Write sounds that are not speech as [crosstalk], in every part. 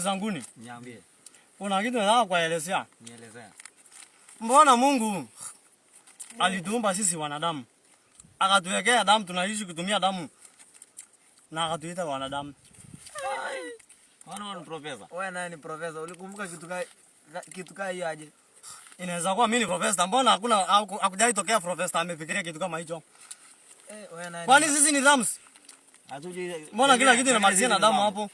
zanguni niambie, kuna kitu nataka kuelezea. Nielezea. Mbona Mungu alituumba sisi wanadamu akatuwekea damu, tunaishi kutumia damu na akatuita wanadamu. Wana wana profesa. Wewe nani ni profesa? Ulikumbuka kitu kai kitu kai aje? Inaweza kuwa mimi ni profesa. Mbona hakuna hakujai tokea profesa amefikiria kitu kama hicho? Eh, wewe nani? Kwani sisi ni damu? Hatujui. Mbona kila kitu yaani inamalizia na damu hapo?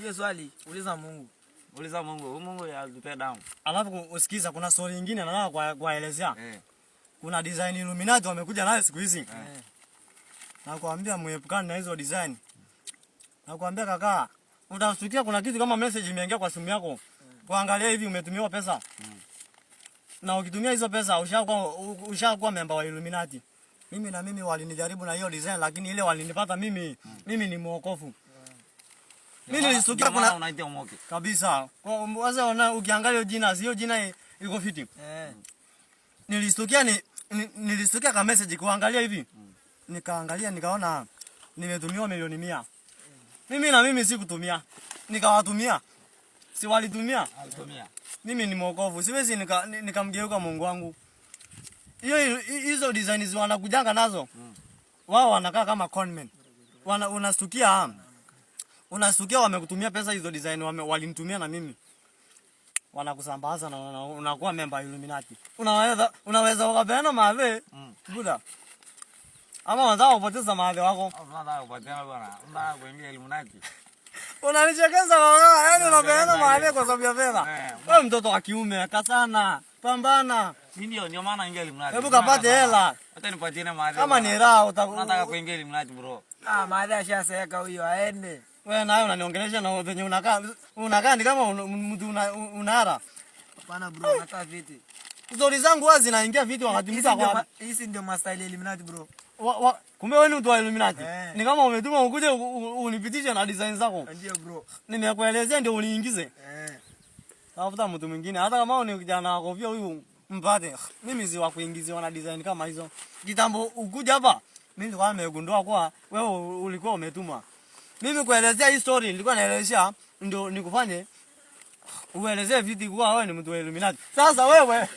Hiyo swali uliza Mungu. Uliza Mungu. Huyu Mungu ya tupe down. Alafu usikiza kuna story nyingine anataka kuwaelezea Eh. Kuna design Illuminati wamekuja nayo siku hizi. Eh. Nakwambia muepukane na hizo design. Nakwambia kaka, utashtukia kuna kitu kama message imeingia kwa simu yako. Eh. Kuangalia hivi umetumiwa pesa. Mm. Na ukitumia hizo pesa ushakuwa ushakuwa member wa Illuminati. Mimi na mimi walinijaribu na hiyo design lakini ile walinipata mimi. Mm. Mimi ni mwokofu mimi nilisukia kuna unaita Omoki kabisa. Waza ona, ukiangalia jina sio jina iko fiti eh. Nilisukia ni nilisukia kama message kuangalia hivi Nikaangalia nikaona nimetumiwa milioni 100. Mimi na mimi sikutumia, nikawatumia, si walitumia. Alitumia. Mimi ni mwokovu, siwezi nikamgeuka nika Mungu wangu. Hiyo hizo designs wanakujanga nazo mm. Wao wanakaa kama conmen, wana unastukia ah. Unasikia wamekutumia pesa hizo design wame, walinitumia na mimi. Wanakusambaza na unakuwa memba Illuminati. Unaweza unaweza ukapeana maadhe. Mm. Buda. Ama wanza kupoteza maadhe wako. Unataka kupoteza bwana. Unataka kuingia Illuminati. [laughs] Unanichekeza bwana. Yaani unapeana maadhe kwa sababu ya fedha. Eh, Wewe mtoto wa kiume kasana. Pambana. Ndio ndio maana ingia Illuminati. Hebu kapate hela. Hata nipatie na Kama ni raha unataka kuingia Illuminati bro. Ah, maadhe ashaseka huyo aende. Wewe nayo unaniongelesha na venye unakaa. Unakaa ni kama mtu unara. Hapana bro, nakaa viti. Zori zangu wazi naingia viti wakati mtu akwa. Hizi ndio master Illuminati bro. Kumbe wewe ni mtu wa Illuminati. Eh. Ni kama umetuma ukuje unipitishe na design zako. Ndio bro. Nimekuelezea ndio uniingize. Eh. Hey. Tafuta mtu mwingine hata kama ni kijana wako vya huyu mpate. Mimi si wa kuingiziwa na design kama hizo. Kitambo ukuja hapa. Mimi nilikuwa nimegundua kwa wewe ulikuwa umetuma mimi kuelezea hii story nilikuwa naelezea ndio nikufanye uelezee viti kwa wewe ni mtu wa Illuminati. Sasa wewe